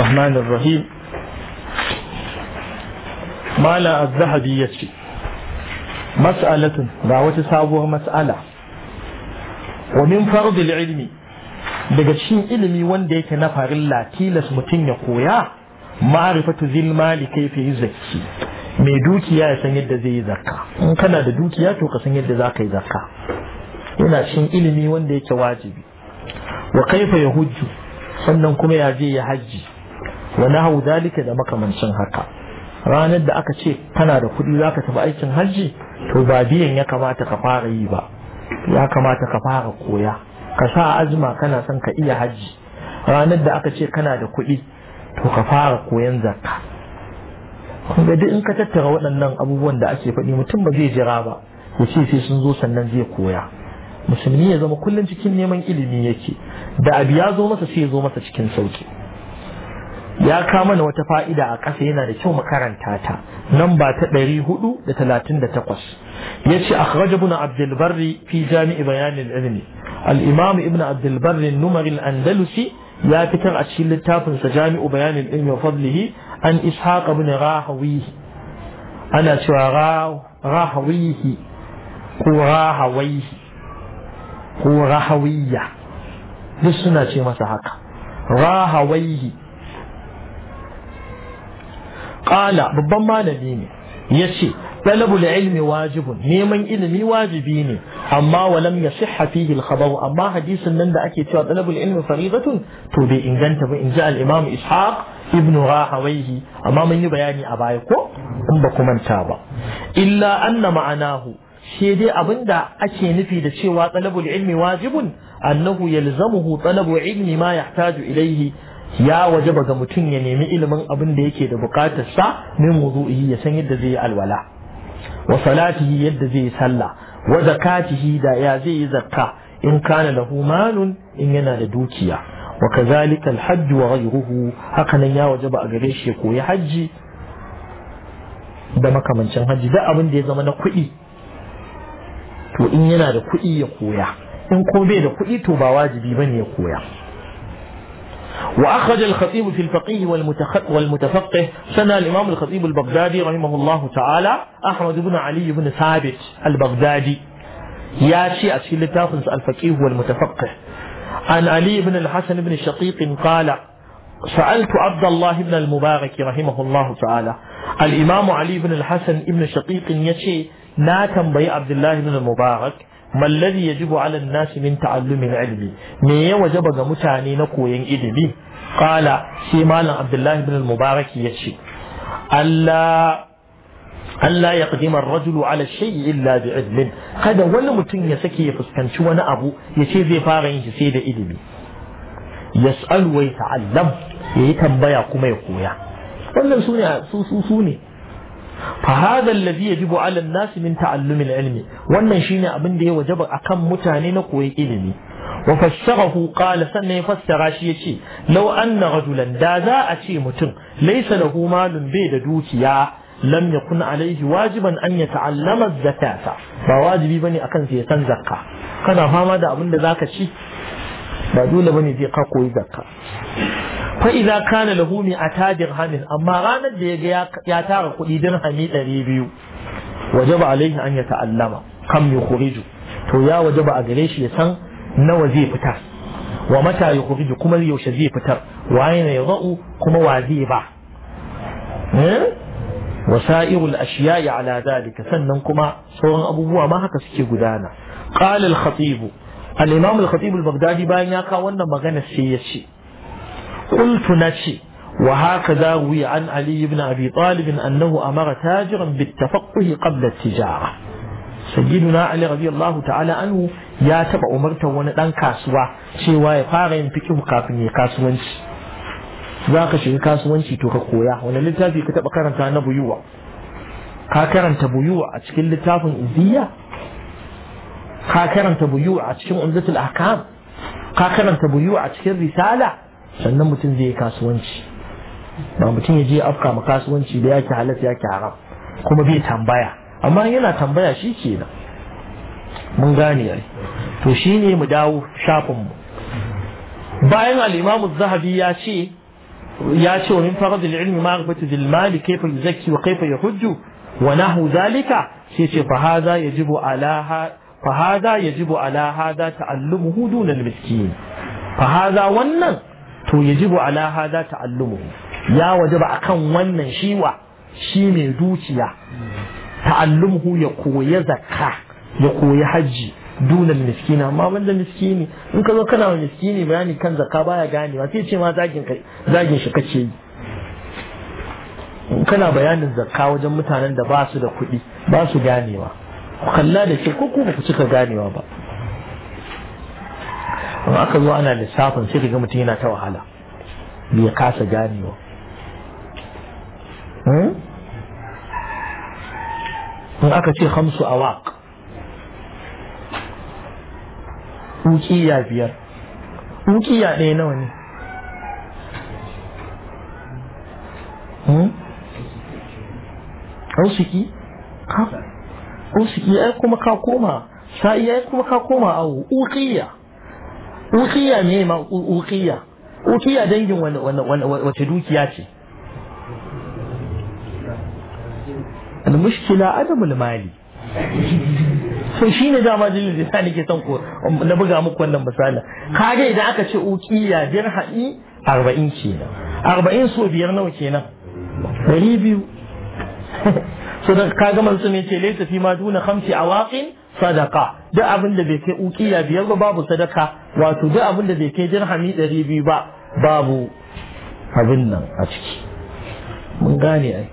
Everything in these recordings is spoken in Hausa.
الرحمن الرحيم ما لا الذهبي يشي مسألة wata sabuwar مسألة ومن فرض العلم daga cikin ilimi wanda yake na farilla tilas mutum ya koya ma'arifatu zil mali kaifa yuzakki mai dukiya ya san yadda zai yi zakka in kana da dukiya to ka san yadda za ka yi zakka yana cikin ilimi wanda yake wajibi wa kaifa hujju sannan kuma ya je ya hajji wa nahu dalika da makamancin haka ranar da aka ce kana da kuɗi zaka tafi aikin hajji to ba biyan ya kamata ka fara yi ba ya kamata ka fara koya ka sa azuma kana son ka iya hajji ranar da aka ce kana da kuɗi to ka fara koyan zakka ga duk in ka tattara waɗannan abubuwan da ake faɗi mutum ba zai jira ba ya ce sai sun zo sannan zai koya musulmi ya zama kullum cikin neman ilimi yake da abu ya zo masa sai ya zo masa cikin sauki ya kama na wata fa'ida a ƙasa yana da kyau makaranta ta nan ba ta ɗari hudu da talatin da takwas fi jami' bayan al ibn al-imam ibn bayanin ilmi al'imam ibn abdulbarri numarin andalusi ya fitar a cikin littafin littafinsa jami'u al ilmi wa fadlihi an ishaq ibn rahawi ana cewa rahawi ko rahawi ko rahawiya duk suna ce masa haka rahawi قال ببما نبيني يشي طلب العلم واجب نيمان إلمي واجبيني أما ولم يصح فيه الخبر أما حديث من ذاك طلب العلم فريضة تو بي إن جنت إن جاء الإمام إسحاق ابن راهويه أما من يبياني أبايكو أم بكم من تابا إلا أن معناه شيدي أبن دا أشي نفيد شيوا طلب العلم واجب أنه يلزمه طلب علم ما يحتاج إليه ya waje ga mutum ya nemi ilimin abin da yake da bukatar sa min wudu'i ya san yadda zai yi alwala wa salatihi yadda zai yi sallah wa zakatihi da ya zai yi zakka in kana da malun in yana da dukiya wa kazalika alhajj wa ghayruhu hakanan ya waje ba a gare shi ya koyi hajji da makamancin hajji da abin da ya zama na kuɗi to in yana da kuɗi ya koya in ko bai da kuɗi to ba wajibi bane ya koya وأخرج الخطيب في الفقيه والمتفقه سنة الإمام الخطيب البغدادي رحمه الله تعالى أحمد بن علي بن ثابت البغدادي ياتي أسئلة تافنس الفقيه والمتفقه عن علي بن الحسن بن الشقيق قال سألت عبد الله بن المبارك رحمه الله تعالى الإمام علي بن الحسن بن الشقيق يشي ناتم بي عبد الله بن المبارك ما الذي يجب على الناس من تعلم العلم me ya wajaba ga mutane na koyon ilimi qala sai malam abdullahi ibn al-mubarak yace Allah Allah ya qadima ar-rajulu ala shay'i illa bi ilmin kada wani mutum ya sake ya fuskanci wani abu ya ce zai fara yin shi sai da ilimi yas'alu wa yata'allam yayi tambaya kuma ya koya wannan su ne su su ne فهذا الذي يجب على الناس من تعلم العلم وان shine abin da ya wajaba akan mutane na koyi ilimi وفسره قال سنة يفسر شيء لو أن رجلا دازا أشي متن ليس له مال بيد دوتيا لم يكن عليه واجبا أن يتعلم الزكاة فواجبي بني أكن زي زكا كان هذا أبن ذاك الشيء بدول بني زي قاقوي زكا fa idza kana lahu atadir hamil amma ranar da yaga ya tara kuɗi dirhami 200 wajaba alaihi an ya ta'allama kam yukhriju to ya wajaba a gare shi ya san nawa zai fita wa mata yukhriju kuma yaushe zai fitar wa ayna yadau kuma wa zai ba وسائر الأشياء على ذلك سنن كما سننكما أبو أبوه ما هكا سكي قال الخطيب الإمام الخطيب البغدادي باين ياكا وانا مغانا سيشي قلت نشي وهكذا روي عن علي بن أبي طالب أنه أمر تاجرا بالتفقه قبل التجارة سيدنا علي رضي الله تعالى عنه يا تبع أمرته وانا كاسوا شيوا يفارين فكه كافن كاسوانش za ka shiga kasuwanci to ka koya wani littafi ka taɓa karanta na buyuwa ka karanta buyuwa a cikin littafin iziya ka karanta buyuwa a cikin umdatul ahkam ka karanta buyuwa a cikin risala sannan mutum zai yi kasuwanci ba mutum ya je ya afka ma kasuwanci da yake halatta yake haram kuma bai tambaya amma yana tambaya shi kenan mun gane ai to shine mu dawo shafin mu bayan al-Imam zahabi ya ce ya ce min farad al-ilmi rabatu bil mali kayfa yuzakki wa kayfa yahujju wa nahu zalika shi ce fa hadha yajibu ala ha fa hadha yajibu ala hadha ta'allumu dun al-miskin fa hadha wannan to yajibu ala hadha ta'allumu ya wajaba akan wannan shiwa shi mai dukiya ta'allumuhu ya koya zakka ya koya hajji dunan miskina amma banda miskini in ka zo kana wa miskini bayani kan zakka baya ganewa sai ce ma zagin zagin shi kace yi kana bayanin zakka wajen mutanen da ba su da kuɗi ba su ganewa kalla da ke ko ku ba ku cika ganewa ba in aka zo ana lissafin sai ga mutum yana ta wahala bai kasa ganewa hmm? in aka ce hamsu awaq ya biyar ya ɗaya nawa ne hmm? ausiki ka ya ai kuma ka koma sa'i ai kuma ka koma a ukiya ukiya ne ma ukiya ukiya dangin wace dukiya ce al-mushkila adamul mali so shi ne dama dalilin da nake son ko na buga muku wannan misali kaga idan aka ce ukiya biyar haɗi. arba'in kenan arba'in so biyar nawa kenan dari biyu so da kaga manzo ne ce laysa fi ma duna a waƙin? sadaka duk abin da bai kai ukiya biyar ba babu sadaka wato duk abin da bai kai dirhami ɗari biyu ba babu abin nan a ciki mun gane ai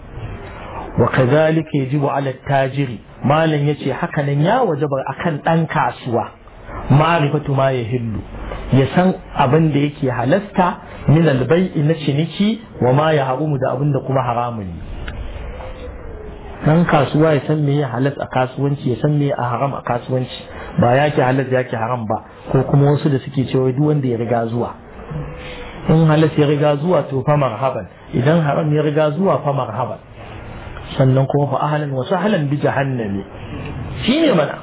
wa kazalika yajibu ala tajiri malam yace haka nan ya wajaba akan dan kasuwa ma'rifatu ma yahillu ya san abin da yake halasta min albai na ciniki wa ma ya harumu da abin da kuma haramun ne dan kasuwa ya san meye halal a kasuwanci ya san meye a haram a kasuwanci ba ya yake halal yake haram ba ko kuma wasu da suke cewa duk wanda ya riga zuwa in halal ya riga zuwa to fa marhaban idan haram ya riga zuwa fa marhaban sannan kuma fa ahlan wa sahlan bi jahannami ne mana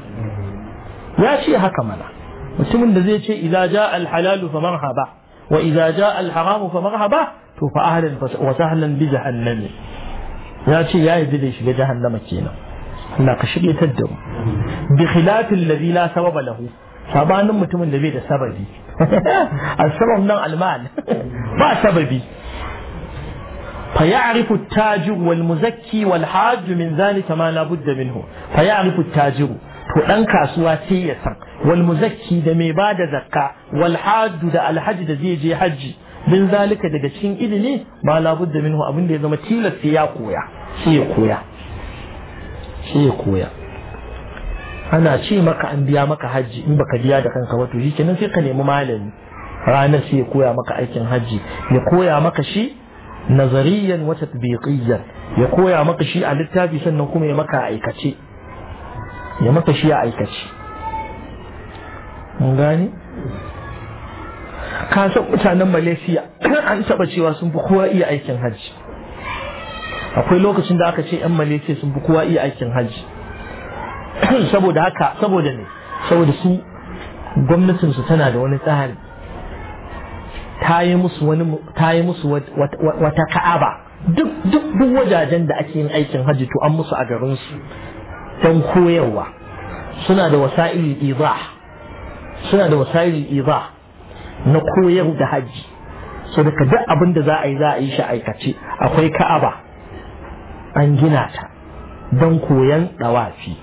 ya ce haka mana mutumin da zai ce idza jaa al halal fa marhaba wa idza jaa al haram fa marhaba to fa ahlan wa sahlan bi jahannami ya ce ya yi da shiga jahannama kenan Allah ka shirye ta da mu bi khilafin ladhi la sababa lahu sabanin mutumin da bai da sababi asbab nan almal ba sababi fa ya'rifu at-tajir wal muzakki wal hajj min zalika ma la budda minhu fa ya'rifu at-tajir to dan kasuwa sai ya san wal muzakki da mai bada zakka wal hajj da alhaji da zai je haji min zalika daga cikin ilimi ma la budda minhu abin da ya zama tilas ya koya sai ya koya sai ya koya ana ce maka an biya maka hajji in baka biya da kanka wato shi kenan sai ka nemi malami ranar sai ya koya maka aikin hajji ya koya maka shi nazariyan wa tatbiqiyan ya koya maka shi a littafi sannan kuma ya maka aikace ya maka shi a aikace mun gane ka san mutanen Malaysia an taba cewa sun fi kowa iya aikin hajji akwai lokacin da aka ce yan malaysia sun fi kowa iya aikin hajji saboda haka saboda ne saboda su gwamnatin su tana da wani tsari ta yi musu wata ka'aba duk duk wajajen da ake yin aikin hajji to an musu a garinsu don koyarwa suna da wasa'ili iza suna da wasa'ili iza na koyar da hajji so daga duk abin da za a yi za a yi shi aikace akwai ka'aba an gina ta don koyan dawafi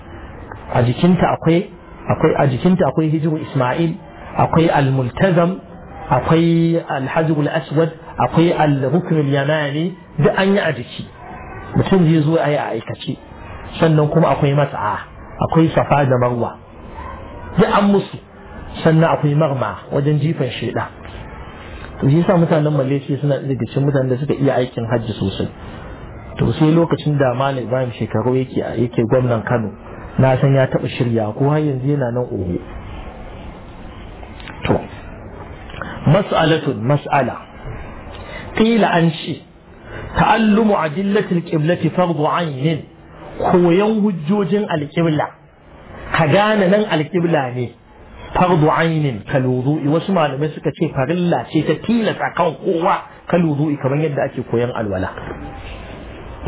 a jikinta akwai akwai a jikinta akwai hijru isma'il akwai al-multazam akwai al-hajr al-aswad akwai al-rukn al-yamani duk an yi a jiki mutum zai zo ayi a aikace sannan kuma akwai mat'a akwai safa da marwa duk an musu sannan akwai marma wajen jifan sheda to shi yasa mutanen Malaysia suna da cikin mutanen da suka iya aikin hajji sosai to sai lokacin da malam ibrahim shekaru yake yake gwamnan kano na san ya taɓa shirya ko har yanzu yana nan oho to mas'alatun mas'ala qila an shi ta'allumu adillatil qiblati fardu aynin koyon hujjojin alƙibla ka gane nan alƙibla ne fardu ainin kal wudu'i wasu malamai suka ce farilla ce ta tilasa kan kowa kal wudu'i kamar yadda ake koyan alwala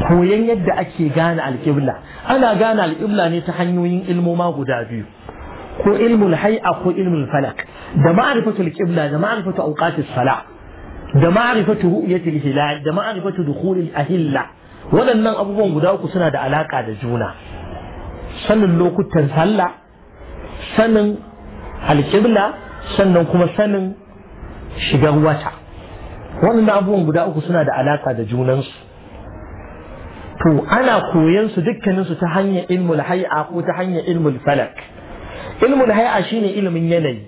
koyon yadda ake gane alƙibla ana gane alƙibla ne ta hanyoyin ilmoma guda biyu ko ilmul hay'a ko ilmul falak da ma'rifatul qibla da ma'rifatu awqatis sala da ma'rifatu ru'yatil hilal da ma'rifatu dukhulil ahilla waɗannan abubuwan guda uku suna da alaƙa da juna sanin lokutan sallah sanin alƙibla sannan kuma sanin shigar wata waɗannan abubuwan guda uku suna da alaƙa da junansu to ana koyan su dukkanin su ta hanyar ilmul hay'a ko ta hanyar ilmul falak ilmul hay'a shine ilimin yanayi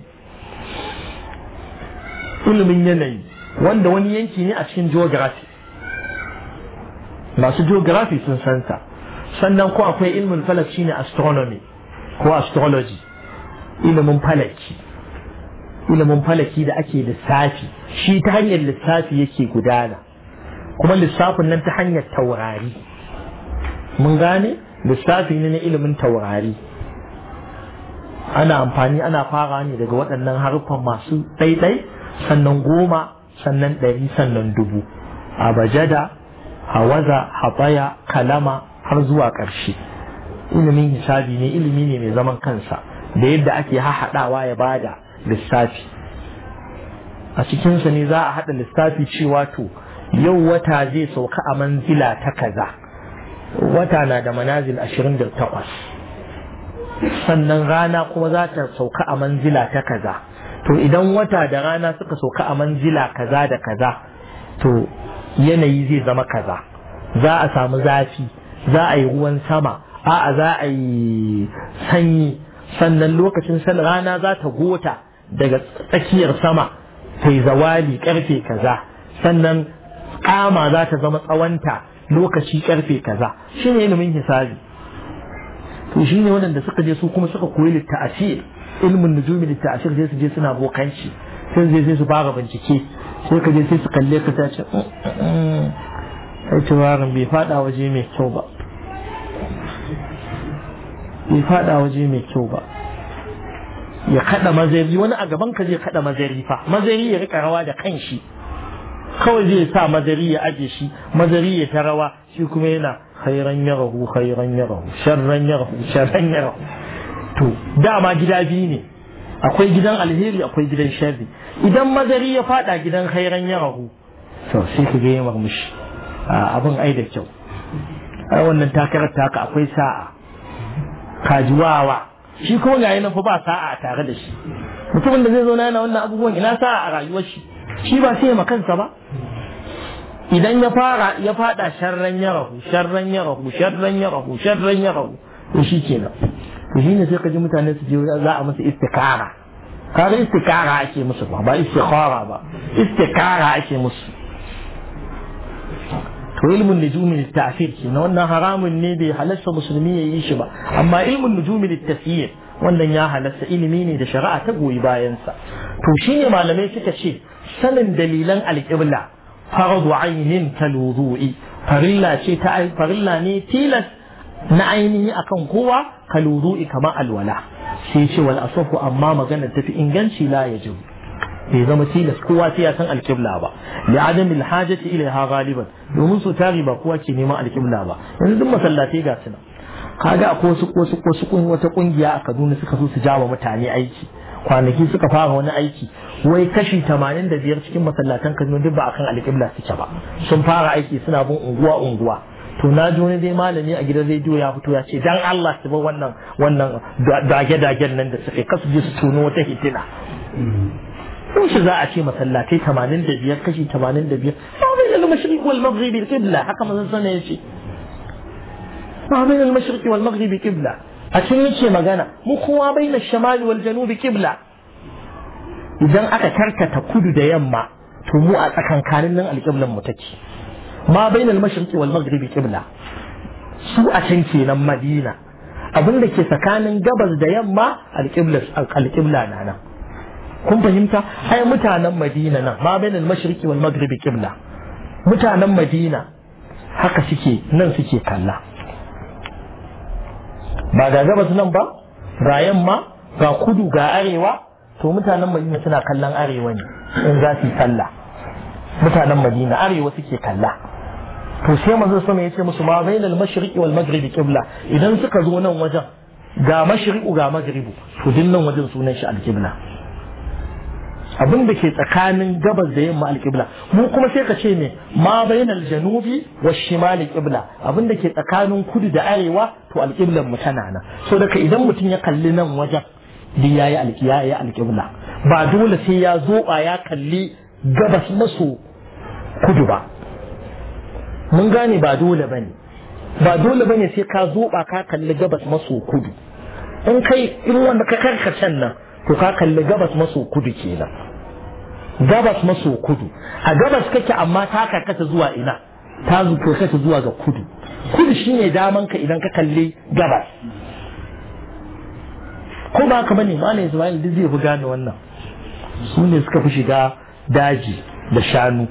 ilimin yanayi wanda wani yanki ne a cikin geography masu geography sun san sa sannan ko akwai ilmul falak shine astronomy ko astrology ilimin falaki ilimin falaki da ake lissafi shi ta hanyar lissafi yake gudana kuma lissafin nan ta hanyar taurari mun gane lissafi ne na ilimin taurari ana amfani ana fara ne daga waɗannan haruffan masu ɗaiɗai sannan goma sannan ɗari sannan dubu abajada, hawaza haɓaya kalama har zuwa ƙarshe ilimin hisabi ne ilimi ne mai zaman kansa da yadda ake hahaɗawa ya bada lissafi a cikinsa ne za a haɗa lissafi cewa to yau wata zai sauka a manzila ta kaza wata na da manazil ashirin da takwas sannan rana kuma za ta sauka a manzila ta kaza to idan wata da rana suka sauka a manzila kaza da kaza to yanayi zai zama kaza za a samu zafi za a yi ruwan sama a'a za a yi sanyi sannan lokacin san rana za ta gota daga tsakiyar sama ta yi zawali karfe kaza sannan kama za ta zama tsawonta lokaci karfe kaza shine ilimin hisabi to shine waɗanda suka je su kuma suka koyi litta'asir ilmin nujumi litta'asir sai su je suna bokanci sai zai sai su fara bincike sai ka je sai su kalle ka ta ce mm, mm, mm. ai bai fada waje mai kyau ba bai fada waje mai kyau ba ya kada mazari wani a gaban ka zai kada mazari fa mazari ya rika rawa da kanshi kawai zai sa mazari ya aje shi mazari ya ta rawa shi kuma yana khairan rahu khairan yarahu sharran yarahu sharran rahu. to dama gida biyu ne akwai gidan alheri akwai gidan sharri idan mazari ya fada gidan khairan rahu to sai ka ga yamar mushi abin ai da kyau ai wannan takarar haka akwai sa'a kajuwawa shi kuma ga yana fa ba sa'a tare da shi mutumin da zai zo na yana wannan abubuwan ina sa'a a rayuwar shi shi ba sai ma kansa ba idan ya fara ya fada sharran ya rahu sharran ya rahu sharran ya rahu sharran ya rahu to shi kenan to shine sai ka ji mutane su je za a masa istikara kaga istikara ake musu ba ba istikhara ba istikara ake musu to ilmin nujumi littafir ke na wannan haramun ne bai halasta musulmi ya yi shi ba amma ilmin nujumi littafir wannan ya halasta ilimi ne da shari'a ta goyi bayansa to ne malamai suka ce sanin dalilan alƙibla faradu ainin kal wudu'i farilla ce ta farilla ne tilas na ainihi akan kowa kal kamar alwala sai ce wal asafu amma magana tafi inganci la yajib bai zama tilas kowa sai ya san alƙibla ba li adam al hajati ha galiban domin su tari ba kowa ke neman alkibla ba yanzu duk masallatai ga su nan kaga akwai wasu wasu wasu wata kungiya a Kaduna suka so su jawa mutane aiki kwanaki suka fara wani aiki wai kashi tamanin da biyar cikin masallatan kaduna duk ba akan alƙibla suke ba sun fara aiki suna bin unguwa unguwa to na ji wani dai malami a gidan rediyo ya fito ya ce dan Allah su bar wannan wannan dage dagen nan da suke kasu je su tono wata hitina ko shi za a ce masallatai tamanin da biyar kashi tamanin da biyar sabai daga mashriq wal maghribi qibla haka manzon sanin ya ce sabai daga mashriq wal maghribi qibla a cikin yake magana mu kowa bai na shamali wal janubi kibla idan aka karkata kudu da yamma to mu a tsakankanin nan alƙiblan mu take ma bai na mashriqi wal maghribi kibla su a can kenan madina abin da ke tsakanin gabas da yamma alƙibla na nan kun fahimta ai mutanen madina nan ma bai na mashriqi wal maghribi kibla mutanen madina haka suke nan suke kalla ba ga gabas nan ba ga yamma ga kudu ga arewa to mutanen madina suna kallon arewa ne in za su yi sallah mutanen madina arewa suke kalla to sai manzo sama ya ce musu ma bainal mashriqi wal maghribi qibla idan suka zo nan wajen ga mashriqu ga maghribu to din nan wajen sunan shi al-qibla abin da ke tsakanin gabas da yamma alƙibla mu kuma sai ka ce ne ma bainal janubi wa shimali qibla abin da ke tsakanin kudu da arewa to alƙiblan mu tana nan so daga idan mutum ya kalli nan wajen da ya yi alƙibla ba dole sai ya zoba ya kalli gabas maso kudu ba mun gane ba dole ne. ba dole ne sai ka zoba ka kalli gabas maso kudu in kai in wanda ka karkacen nan to ka kalli gabas maso kudu kenan gabas maso kudu a gabas kake amma ta karkata zuwa ina ta karkata zuwa ga kudu kudu shine daman ka idan ka kalli gabas ko ba ka bane ne Ismail duk zai fi gane wannan su ne suka fi shiga daji da shanu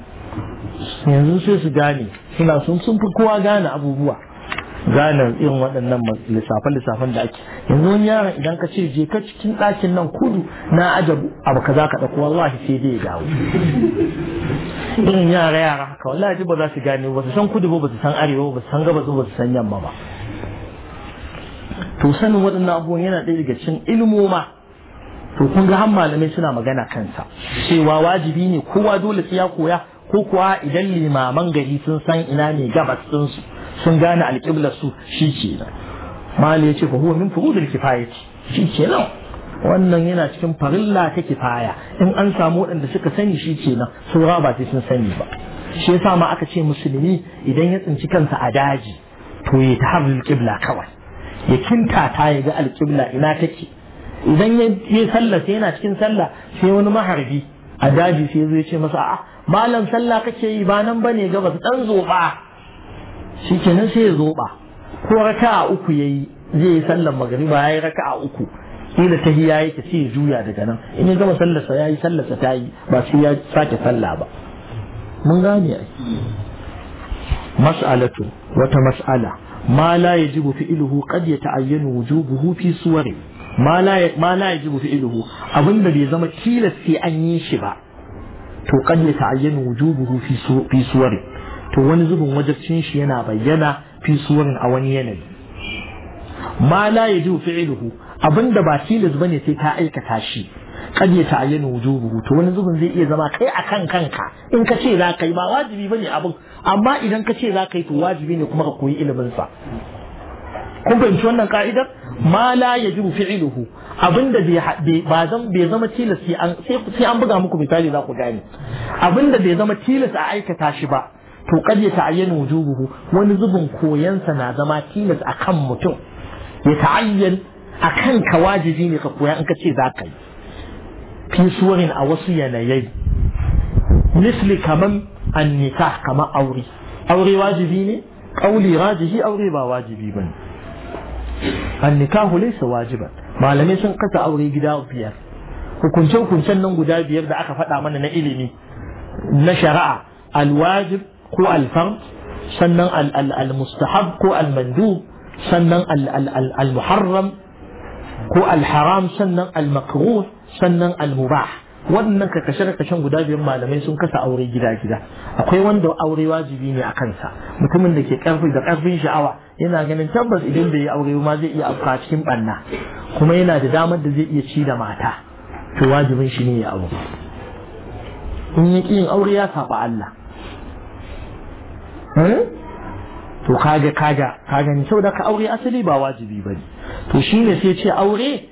yanzu sai su gane suna sun sun fi kowa gane abubuwa gane irin waɗannan lissafe-lissafen da ake yanzu wani yaron idan ka ce je ka cikin ɗakin nan kudu na ajabu abu ka za ka ɗauko wallahi sai dai ya dawo irin yara yara haka wallahi ba za su gane ba su san kudu ba ba su san arewa ba su san gabas ba su san yamma ba to sanin waɗannan abubuwan yana ɗaya daga cikin ilmoma to kun ga har malamai suna magana kansa cewa wajibi ne kowa dole sai ya koya ko kuwa idan limaman gari sun san ina ne gabas sun sun gane alƙiblar su shi ke nan mali ya ce fa huwa min furudul kifayati shi ke nan wannan yana cikin farilla ta kifaya in an samu waɗanda suka sani shi ke nan saura ba sai sun sani ba shi yasa ma aka ce musulmi idan ya tsinci kansa a daji to ya taharrul qibla kawai ya kinta ta ya ga alƙibla ina take idan ya sallah sai yana cikin sallah sai wani maharbi a daji sai zai ce masa a malam sallah kake yi ba nan bane gabas dan zoba shikenan sai ya zoba ko raka'a uku yayi zai yi sallar magriba yayi raka'a uku kila ta hiya yake sai ya juya daga nan in ya gama sallarsa yayi sallarsa ta yi ba sai ya sake sallah ba mun gane ai mas'alatu wata mas'ala ma la yajibu fi'luhu qad yata'ayyanu wujubuhu fi suwari ma la yajibu fi'luhu abinda bai zama tilas sai an yi shi ba to qad yata'ayyanu wujubuhu fi suwari to wani zubin wajabcin shi yana bayyana fi suwarin a wani yanayi ma la yajibu fi'luhu abinda ba tilas bane sai ta aikata shi kan ya ta'ayyana wujubuhu to wani zubin zai iya zama kai akan kanka in ka ce za ka yi ba wajibi ne abin amma idan ka ce za ka yi to wajibi ne kuma ka koyi ilimin sa kun fahimci wannan ka'idar ma la yajibu fi'luhu abinda bai ba zan bai zama tilas sai an buga muku misali za ku gane abinda bai zama tilas a aikata shi ba to kad ya ta'ayyana wujubuhu wani zubin koyansa na zama tilas akan mutum ya ta'ayyan akan ka wajibi ne ka koya in ka ce za ka yi fi suwarin a wasu yanayai misli kaman annika kaman aure aure wajibi ne kauli rajihi aure ba wajibi ba ne. النكاح ليس واجبا ما لم يسن قصة أو ريجدا وبيار وكن شو كن شن نعو دار بيار دا أخف هذا من نعيلني نشرع الواجب هو الفرض شن ال ال المستحب هو المندوب شن ال ال ال المحرم هو الحرام شن المكروه شن المباح wannan kakashe-kakashen guda biyun malamai sun kasa aure gida-gida akwai wanda aure wajibi ne a kansa mutumin da ke karfi da karfin sha'awa yana ganin tabbas idan bai yi aure ma zai iya afka cikin banna kuma yana da damar da zai iya ci da mata to wajibin shi ne ya aure in yi yin aure ya saba Allah eh? to kaga kaga kaga ni saboda ka aure asali ba wajibi ba ne to shi sai ce aure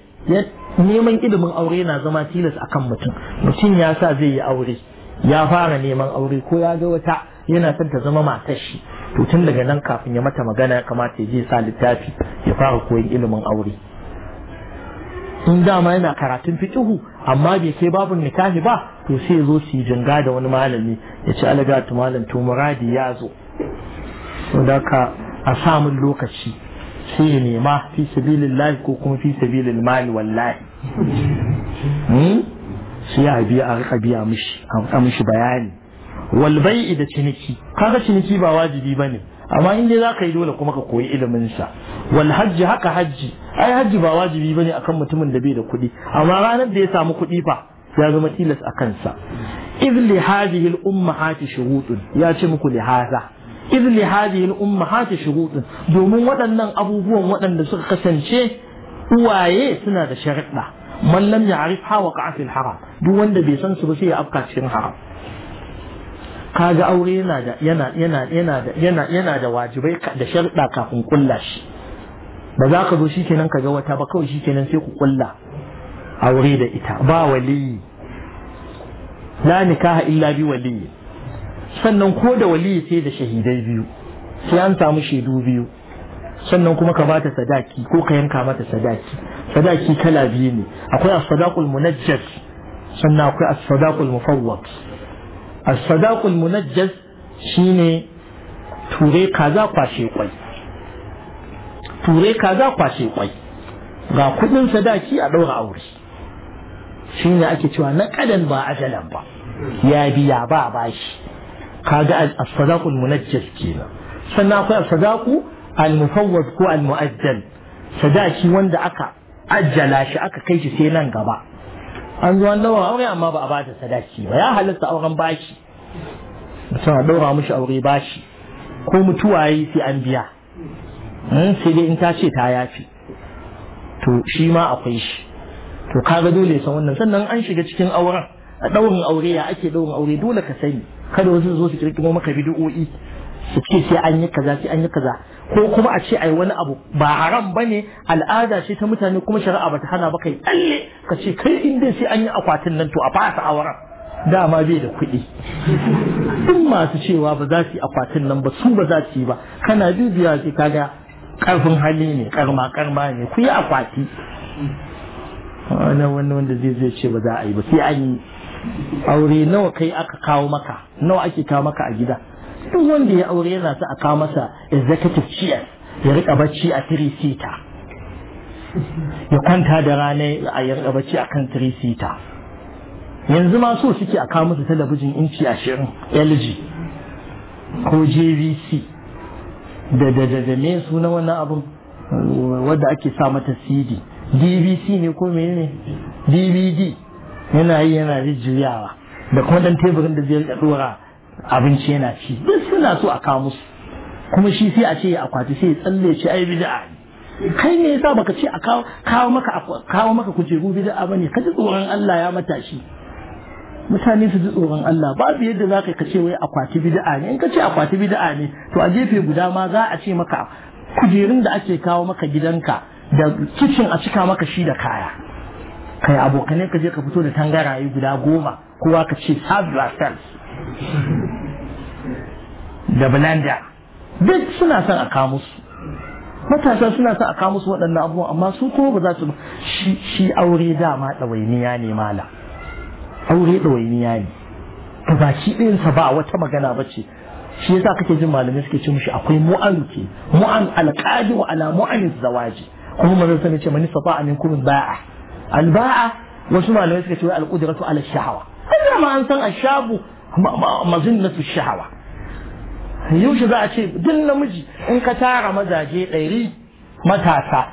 neman ilimin aure na zama tilas akan mutum mutum ya sa zai yi aure ya fara neman aure ko ya ga wata yana son ta zama matar shi to tun daga nan kafin ya mata magana ya kamata ya je sa littafi ya fara koyon ilimin aure in dama yana karatun fikihu amma bai kai babu nikahi ba to sai zo su yi jinga da wani malami ya ci alagatu malam to muradi ya zo haka a samun lokaci sai nema fi sabilillahi ko kuma fi sabilin mali wallahi hmm? sai ya biya a rika biya mishi a rika mishi bayani Walbai bai'i da ciniki kaga ciniki ba wajibi bane amma in za ka yi dole kuma ka koyi ilimin sa wal hajji haka hajji ai hajji ba wajibi bane akan mutumin da bai da kuɗi amma ranar da ya samu kuɗi fa ya zama tilas a kansa idh li hadhihi al ummahati shuhutun ya ce muku li hadha idh li Umma al-ummahat domin waɗannan abubuwan waɗanda suka kasance uwaye suna da sharuɗa man lam ya'rifha waqa'a fil haram duk wanda bai san su ba sai ya afka cikin haram kaga aure yana da yana yana yana da yana yana da wajibai da sharaɗa kafin kulla shi ba za ka zo shikenan ka ga wata ba kawai shikenan sai ku kulla aure da ita ba waliyi la nikaha illa bi waliyi sannan ko da wali sai da shahidai biyu sai an samu shaidu biyu sannan kuma ka bata sadaki ko ka yanka mata sadaki sadaki kala biyu ne akwai as-sadaqul sannan akwai as-sadaqul mufawwad as-sadaqul shine ture kaza kwashe kwai ture kaza kwashe kwai ga kudin sadaki a daura aure shine ake cewa na kadan ba ajalan ba ya biya ba bashi kaga as-sadaqul munajjal kenan sannan akwai as-sadaqu al-mufawwad ko al-mu'ajjal sadaki wanda aka ajjala shi aka kai shi sai nan gaba an zo an daura aure amma ba a bata sadaki ba ya halatta auren bashi mutum a daura mishi aure bashi ko mutuwa yi sai an biya hmm, sai dai in ta ce ta yafi to shi ma akwai shi to kaga dole san wannan sannan an shiga cikin auren a daurin aure ya ake daurin aure dole ka sani kada wasu zo su kirkimo maka bid'o'i su ce sai an yi kaza sai an yi kaza ko kuma a ce ai wani abu ba haram bane al'ada ce ta mutane kuma shari'a bata hana ba kai tsalle ka ce kai in dai sai an yi akwatin nan to a fasa auren dama bai da kuɗi in masu cewa ba za su yi akwatin nan ba su ba za su yi ba kana dubiya sai kaga karfin hali ne karma karma ne ku yi akwati wani wanda zai zai ce ba za a yi ba sai an yi aure nawa kai aka kawo maka nawa ake kawo maka a gida duk wanda ya aure yana sa a kawo masa executive chair ya rika bacci a three seater ya kwanta da rana a ya rika bacci kan three seater yanzu ma so suke a kawo masa talabijin inci ashirin LG ko JVC da da da da me suna wannan abin wadda ake sa mata CD DVC ne ko menene DVD yana yi yana rijiyawa da kuma dan teburin da zai dora abinci yana ci duk suna so a kawo musu kuma shi sai a ce ya akwati sai ya tsalle ce ai bid'a kai ne yasa baka ce a kawo kawo maka kawo maka kujeru bid'a bane ka ji tsoron Allah ya mata shi mutane su ji tsoron Allah babu yadda za ka ce wai akwati bid'a ne in ka ce akwati bid'a ne to a jefe guda ma za a ce maka kujerun da ake kawo maka gidanka da kicin a cika maka shi da kaya kai abokanai ka je ka fito da tangaraye guda goma kowa ka ce save yourself da blanda duk suna son a kawo musu matasa suna son a kawo musu waɗannan abubuwan amma su ko ba za su shi aure dama ɗawainiya ne mala aure ɗawainiya ne ta baki ɗinsa ba wata magana ba ce shi yasa kake jin malamai suke ce mushi akwai mu'an ke mu'an alƙadi wa ala mu'an zawaji kuma manzon sani ce mani safa amin kun ba'a alba'a wasu malamai suka ce wai alqudratu ala shahawa an ma an san ashabu mazinnatu shahawa yaushe za a ce duk namiji in ka tara mazaje ɗari matasa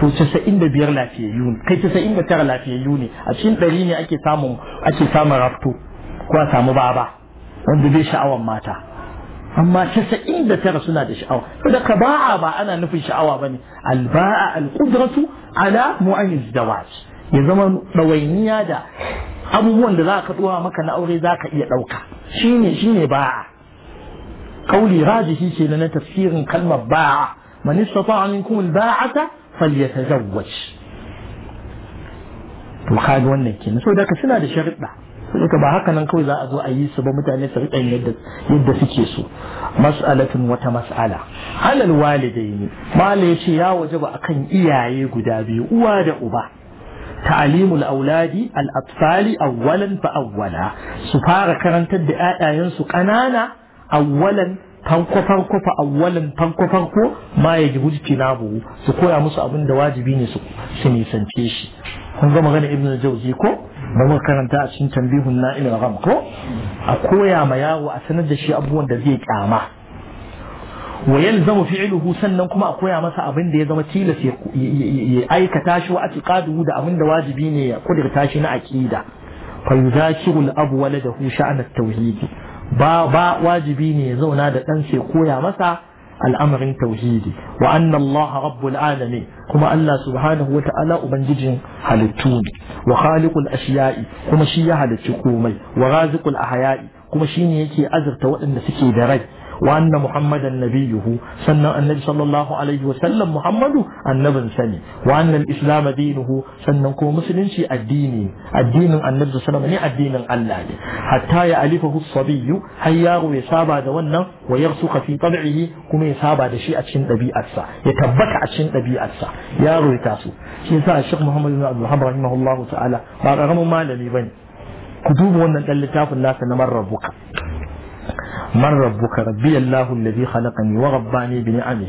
to casa'in da biyar lafiyayyu ne kai casa'in da tara lafiyayyu ne a cikin ɗari ne ake samun ake samun rafto ko a samu baba wanda bai sha'awan mata amma casa'in da tara suna da sha'awa saboda ba'a ba ana nufin sha'awa bane alba'a alqudratu ala mu'ayyiz zawaj ya zama ɗawainiya da abubuwan da za ka ɗora maka na aure za ka iya ɗauka shine shine ba'a kauli rajihi ke na tafsirin kalmar ba'a man istata'a minkum alba'ata falyatazawwaj to kaga wannan kenan saboda ka suna da sharuɗa suka ba haka nan kawai za a zo a yi su ba mutane su riƙa yadda yadda suke so mas'alatun wata mas'ala halal walidaini mala yace ya wajaba akan iyaye guda biyu uwa da uba ta'alimul auladi al atfali awwalan fa awwala su fara karantar da ƴaƴayen su ƙanana awwalan fanko fanko fa awwalan fanko fanko ma ya ji na buhu. su koya musu abin da wajibi ne su su nisance shi kun ga magana ibnu jawzi ko Ba muka karanta a cikin tambihun na'im al-gham ko a koya ma yawo a sanar da shi abubuwan da zai kyama wa yalzamu fi'luhu sannan kuma a koya masa abin da ya zama tilas ya aikata shi wa atiqaduhu da abin da wajibi ne ya kudirta shi na aqida fa yuzakiru al-abu waladahu sha'an at-tauhid ba ba wajibi ne ya zauna da dan sai koya masa الأمر توحيدي وأن الله رب العالمين كما الله سبحانه وتعالى أبنجج هلتوني وخالق الأشياء كما شيء هلتكومي ورازق الأحياء كما شيء يكي أزر وأن سكي دري وأن محمدا نبيه سنة النبي صلى الله عليه وسلم محمد النبي سني وأن الإسلام دينه سنة كو مسلم شي الديني الدين النبي صلى الله عليه وسلم الدين الله حتى يألفه الصبي هيا ويسابا دونا ويرسخ في طبعه كما يسابا دشي أتشن طبيعتسا يتبت أتشن طبيعتسا يا روي تاسو شيء الشيخ محمد بن عبد الوهاب رحمه الله تعالى ما رغم ما لم يبني ku wannan ɗan littafin nasa na من ربك ربي الله الذي خلقني ورباني بنعمه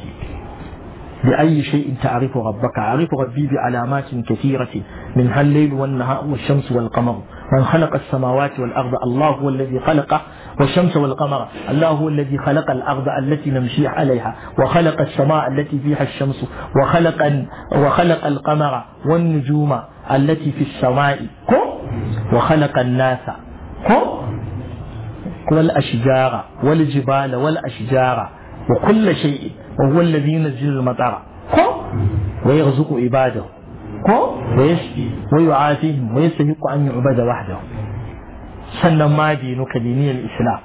بأي شيء تعرف ربك أعرف ربي بعلامات كثيرة منها الليل والنهار والشمس والقمر من خلق السماوات والأرض الله هو الذي خلق والشمس والقمر الله هو الذي خلق الأرض التي نمشي عليها وخلق السماء التي فيها الشمس وخلق وخلق القمر والنجوم التي في السماء وخلق الناس والأشجار والجبال والأشجار وكل شيء وهو الذي ينزل المطر ويرزق عباده ويشفي ويعافيهم ويستحق أن يعبد وحده sannan ma dinuka diniyar islam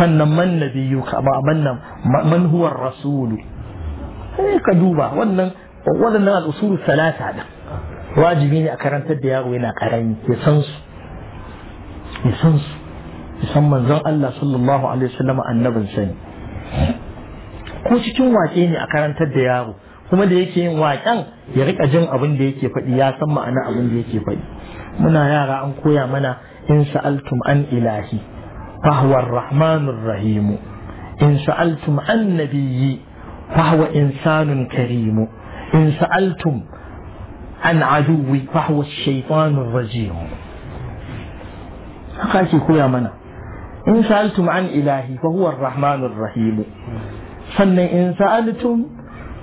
sannan man nabiyuka ba mannan man huwa rasulu sai ka duba wannan waɗannan al'usulu salata da wajibi ne a karantar da yaro yana karami ya san su ya san su san manzon Allah sallallahu alaihi wasallam annabin sani ko cikin wake ne a karantar da yaro kuma da yake yin waken ya rika jin abin da yake faɗi ya san ma'ana abin da yake faɗi muna yara an koya mana in sa'altum an ilahi fahwar rahmanur rahimu in sa'altum an nabiyyi insanun karimu in sa'altum an aduwi fahuwa shaitanun rajimu haka ake koya mana إن سألتم عن إلهي فهو الرحمن الرحيم فإن إن سألتم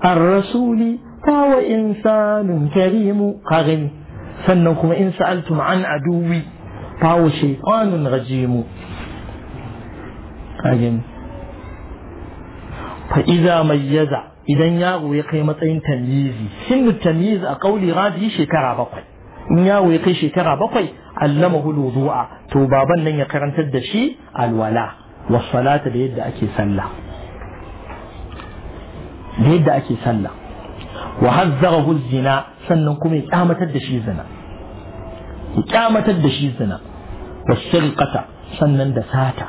عن فهو إنسان كريم قغن فإنكم إن سألتم عن عدوي فهو شيطان غجيم قغن فإذا ميز إذا ياغو يقيمة إن تمييزي سن التمييز أقولي غادي شكرا بقوي إن ياغو يقي شكرا بقوي علمه الوضوء تو بابا نن يقرنت الدشي الولاء والصلاة بيد أكي سلة بيد أكي سلة وحذره الزنا سننكم إقامة الدشي زنا إقامة الدشي زنا والسرقة سنن دساتا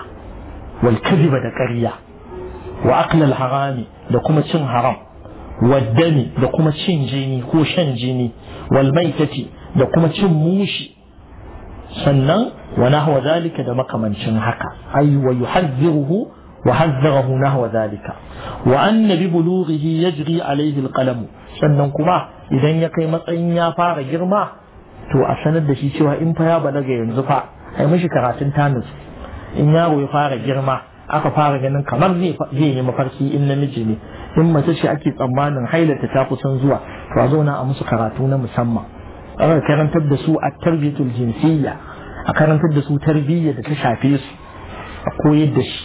والكذب دكريا وأكل الحرام لكم تشن حرام والدم لكم تشن جيني كوشن جيني والميتة لكم تشن موشي sannan wa nahwa zalika da makamancin haka ay wa yuhadhiruhu wa hazzarahu nahwa zalika wa anna bi bulughihi yajri alayhi alqalam sannan kuma idan ya kai matsayin ya fara girma to a sanar da shi cewa in fa ya balaga yanzu fa ai mishi karatun tanus in yaro ya fara girma aka fara ganin kamar zai yi mafarki in namiji ne in mace ce ake tsammanin hailata ta kusan zuwa to a zauna a musu karatu na musamman aka karantar da su a tarbiyatul jinsiyya a karantar da su tarbiyya da ta shafe su a koyar da shi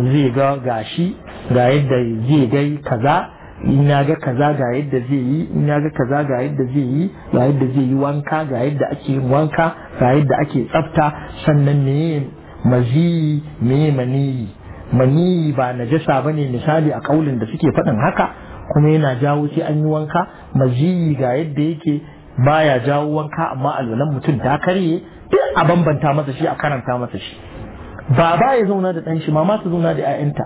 zai ga gashi ga yadda zai ga kaza in ya ga kaza ga yadda zai yi in ya ga kaza ga yadda zai yi ga yadda zai yi wanka ga yadda ake yin wanka ga yadda ake tsafta sannan me maziyi me maniyi maniyi ba na najasa ne misali a kaulin da suke faɗin haka kuma yana jawo sai an yi wanka maziyi ga yadda yake baya jawo wanka amma alwalan mutum ta karye duk a bambanta masa shi a karanta masa shi baba ya zauna da ɗan shi mama ta zauna da 'ya'yanta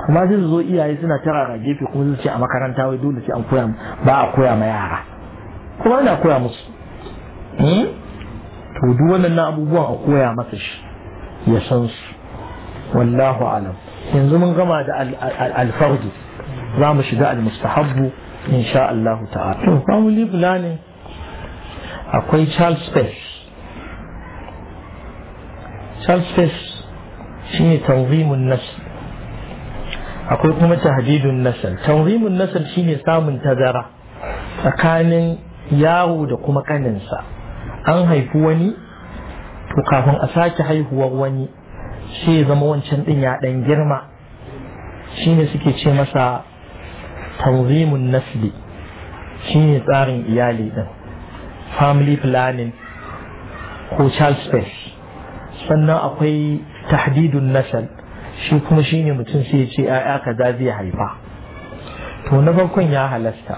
Kuma zai zo iyaye suna tarara gefe kuma zai ce a makaranta wai dole sai an koya ba a koya ma yara kuma ina koya musu hmm? to duk wannan abubuwan a koya masa shi ya san su wallahu alam yanzu mun gama da alfardu za mu shiga almustahabbu insha Allah ta'ala to family planning akwai child space child space shine tanzimun nasl akwai kuma tahdidun nasar. tanzimun nasl shine samun tazara tsakanin yaro da kuma kaninsa an haifi wani to kafin a sake haihuwar wani sai zama wancan din ya dan girma shine suke ce masa tanzimun nasli shine tsarin iyali din family planning ko child space sannan akwai tahdidun nasal shi kuma shine mutum sai ya ce ‘ya'ya kaza zai haifa to na farkon ya halasta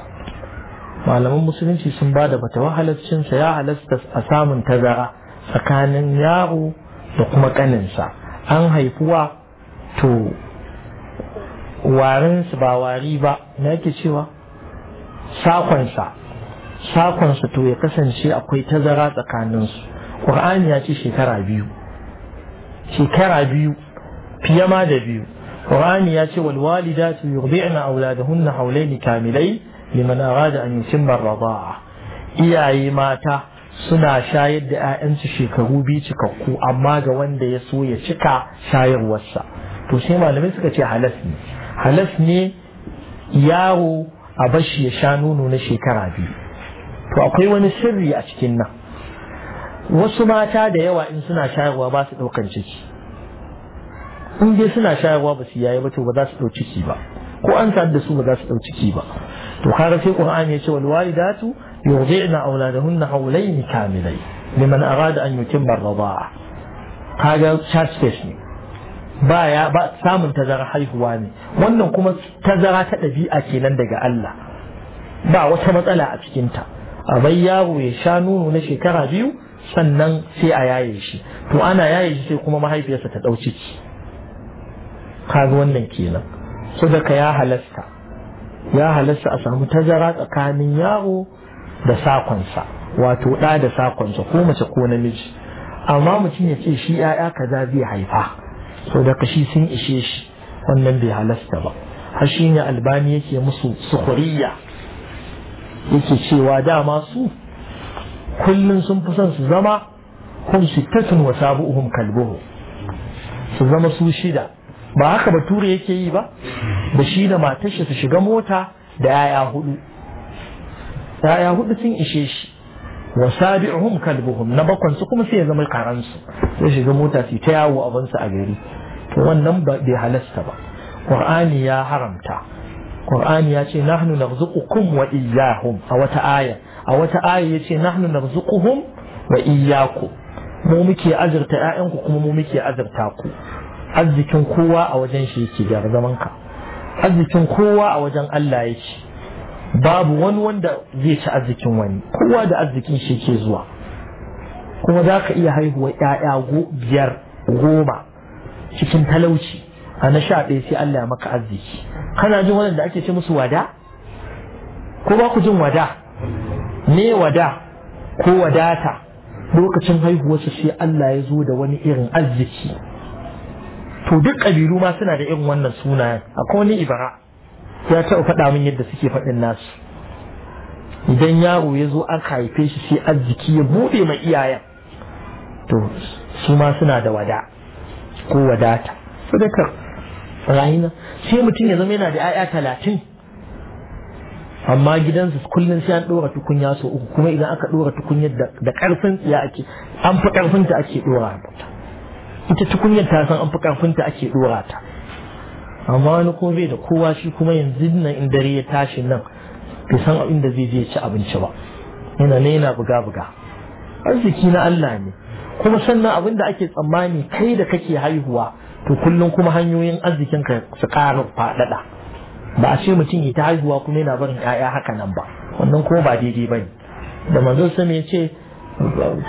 malaman musulunci sun ba da fatawa halascinsa ya halasta a samun tazara tsakanin yaro da kuma ƙaninsa an haifuwa to warinsu ba wari ba na yake cewa sakonsa sakonsa to ya kasance akwai tazara tsakaninsu ƙur'ani ya ce shekara biyu shekara biyu fiye ma da biyu ƙur'ani ya ce wal walidatu hunna haulai ni kamilai liman arada an yutimma rada'a iyaye mata suna shayar da 'ya'yansu shekaru biyu cikakku amma ga wanda ya so ya cika shayarwarsa to sai malamai suka ce halas ne halas ne yaro a bashi ya sha nono na shekara biyu to akwai wani sirri a cikin nan wasu mata da yawa in suna shayarwa ba su ɗaukan ciki in dai suna shayarwa ba su yayi ba to ba za su ɗau ciki ba ko an sadu da su ba za su ɗau ciki ba to kare sai qur'ani ya ce wal walidatu yurdi'na auladahunna hawlayn kamilay liman arada an yutimma ar-rida'a kaga church space ne ba ba samun tazara haihuwa ne wannan kuma tazara ta ɗabi'a kenan daga Allah ba wata matsala a cikin ta. a bai yaro ya sha nuno na shekara biyu sannan sai a yaye shi to ana yaye shi sai kuma mahaifiyarsa ta ɗau ciki kaga wannan kenan so daga ya halasta ya halasta a samu tazara tsakanin yaro da sakonsa wato ɗa da sakonsa ko mace ko namiji amma mutum ya ce shi 'ya'ya kaza zai haifa so da kashi sun ishe shi wannan bai halasta ba har shi ne albani yake musu sukuriya yake cewa dama su kullum sun fi son su zama hum sittatun wa sabu'uhum kalbuhu su zama su shida ba haka ba bature yake yi ba da shi da matashi su shiga mota da yaya hudu yaya hudu sun ishe shi wa sabi'uhum kalbuhum na bakwan su kuma sai ya zama karan su sai shiga mota su ta yawo abin su a gari to wannan bai halasta ba qur'ani ya haramta qur'ani ya ce nahnu narzuqukum wa iyyahum a wata aya a wata aya yace nahnu narzuquhum wa iyyakum mu muke azurta ƴaƴanku kuma mu muke azurta ku arzikin kowa a wajen shi yake gyara zaman ka arzikin kowa a wajen Allah yake babu wani wanda zai ci arzikin wani kowa da arzikin shi ke zuwa kuma za ka iya haihuwa ‘ya'ya biyar goma cikin talauci a na sha ɗaya sai Allah ya maka arziki kana jin waɗanda ake ce musu wada ko ba ku jin wada ne wada ko wadata lokacin haihuwarsu sai Allah ya zo da wani irin arziki to duk ƙabilu ma suna da irin wannan sunayen akwai wani ibara ya taɓa faɗa min yadda suke faɗin nasu idan yaro ya zo aka haife shi sai arziki ya buɗe mai iyayen to su ma suna da wada ko wadata sadakar rayuna sai mutum ya zama yana da 'ya'ya talatin amma gidansu kullum sai an ɗora tukunya so uku kuma idan aka ɗora tukunyar da ƙarfin ya ake an fi ƙarfinta ake ɗora ta ita tukunyar ta san an fi ƙarfinta ake ɗora ta amma wani kuma bai da kowa shi kuma yanzu nan in dare ya tashi nan bai san inda zai je ci abinci ba yana ne yana buga buga arziki na Allah ne kuma sannan abin da ake tsammani kai da kake haihuwa to kullum kuma hanyoyin arzikinka ka su ƙara faɗaɗa ba a ce mutum ya ta haihuwa kuma yana barin 'ya'ya haka nan ba wannan ko ba daidai bane da manzon sama ya ce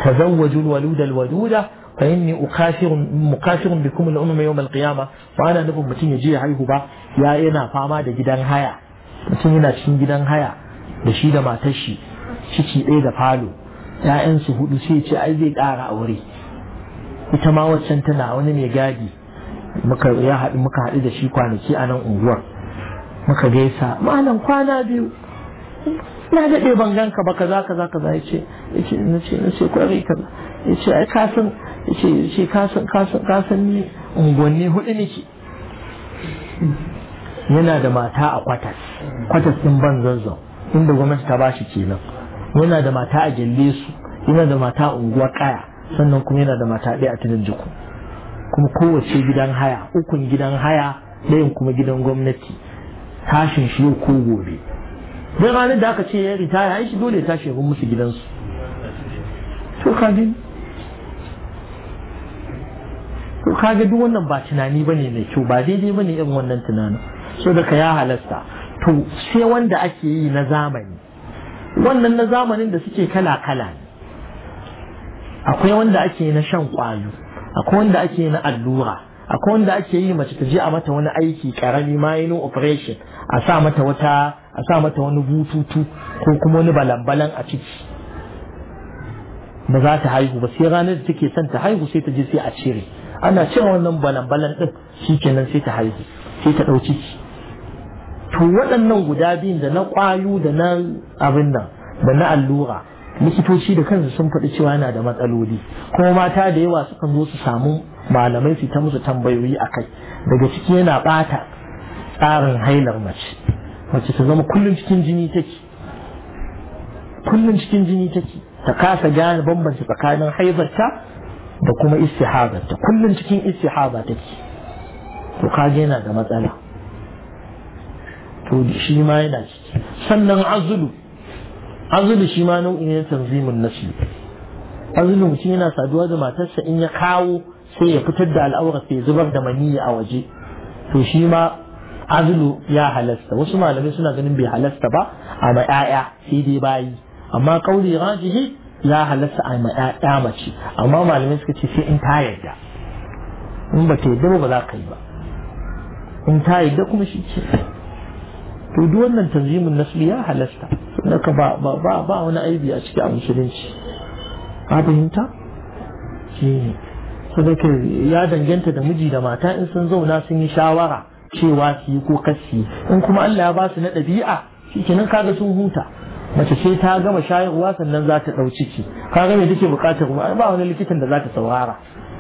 tazawwajul waludal waluda fa inni ukafirun mukafirun bikum al-umma yawm al-qiyamah ba nufin mutum ya je ya haihu ba ya yana fama da gidan haya mutum yana cikin gidan haya da shi da matar shi ciki ɗaya da falo ‘ya'yansu hudu ce ai zai ƙara aure ita ma tana wani mai gadi muka ya haɗu muka haɗu da shi kwanaki a nan unguwar muka gaisa malam kwana biyu na daɗe ban ganka ba kaza kaza kaza ya ce na ce na ce kwarai kaza ya ce hudu nake yana da mata a kwatas kwatas din ban zanzan inda gwamnati ta bashi kenan yana da mata a gelle su yana da mata a unguwar kaya sannan kuma yana da mata ɗaya a tunan jiku kuma kowace gidan haya ukun gidan haya ɗayan kuma gidan gwamnati tashin shi ko gobe dai ranar da aka ce ya ritaya shi dole ya tashi ya gidansu to to kaga duk wannan ba tunani bane mai kyau ba daidai bane irin wannan tunanin so da ka ya halasta to sai wanda ake yi na zamani wannan na zamanin da suke kala kala ne akwai wanda ake na shan kwayo akwai wanda ake na allura akwai wanda ake yi mace ta je a mata wani aiki karami minor operation a sa mata wata a sa mata wani bututu ko kuma wani balambalan a ciki ba za ta haihu ba sai ranar da take son ta haihu sai ta je sai a cire ana cewa wannan balan-balan ɗin shi kenan sai ta haihu sai ta ɗau ciki to waɗannan guda biyun da na ƙwayo da na abin nan da na allura likitoci da kansu sun faɗi cewa yana da matsaloli kuma mata da yawa sukan zo su samu malamai su ta musu tambayoyi a kai daga ciki yana ɓata tsarin hailar mace mace ta zama kullum cikin jini take kullum cikin jini take ta kasa gane bambanci tsakanin haibarta da kuma istihazarta kullum cikin istihaza take to kage yana da matsala to shi ma yana ciki sannan azulu azulu shi ma nau'i ne tanzimin nasi azulu mutum yana saduwa da matarsa in ya kawo sai ya fitar da al'aura sai zubar da maniyyi a waje to shi ma azulu ya halasta wasu malamai suna ganin bai halasta ba a ma 'ya'ya sai dai bayi amma kauli rajihi ya halatta a ma ya mace amma malamai suka ce sai in ta yarda in ba ta yarda ba za ka yi ba in ta yarda kuma shi ce to duk wannan tanzimin nasli ya halasta naka ba ba ba ba wani aibi a cikin musulunci ka fahimta shi ne sadaka ya danganta da miji da mata in sun zauna sun yi shawara cewa su yi ko kasi in kuma Allah ya ba su na ɗabi'a shi kenan kaga sun huta mace sai ta gama shayarwa sannan za ta ɗau ciki ka gama me take buƙatar kuma ba wani likitan da za ta saurara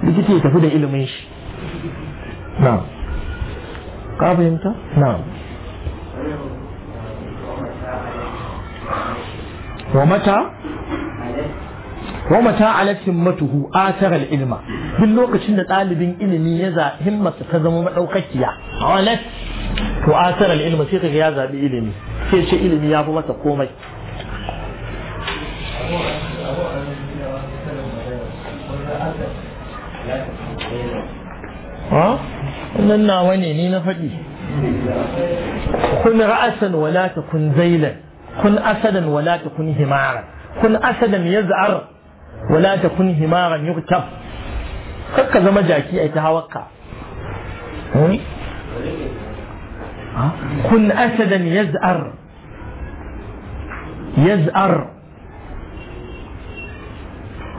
likita ya tafi da ilimin shi Na. ka fahimta Na. wa mata wa mata alat himmatuhu duk lokacin da ɗalibin ilimi ya za himmarsa ta zama madaukakiya alat to athara ilma sai kaga ya zabi ilimi sai ilimi ya fi masa komai ها قلنا وني ني نا فدي كن راسا ولا تكن ذيلا كن اسدا ولا تكن همارا كن اسدا يزعر ولا تكن همارا يغتب كك زما جاكي اي تهوكا كن اسدا يزعر يزعر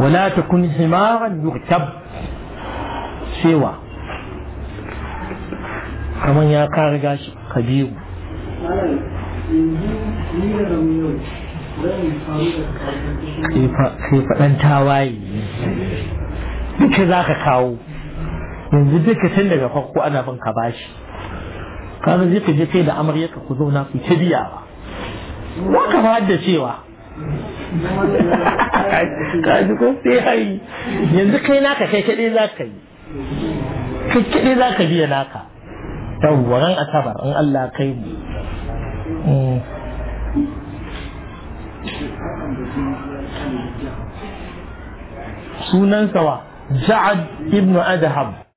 ولا تكن حمارا cewa, سوى كما يا كارغاش كبير kai faɗan tawaye duka za ka kawo yanzu duka tun daga farko ana bin ka bashi kaga zai ka je kai da amaryarka ku zauna ku ta biya ba ka ba da cewa kaji ko sai hai yanzu kai naka kai kaɗai za ka yi kai za ka biya naka yawwa ran asabar in Allah kai mu mm. sunan sawa ja'ad ibnu adham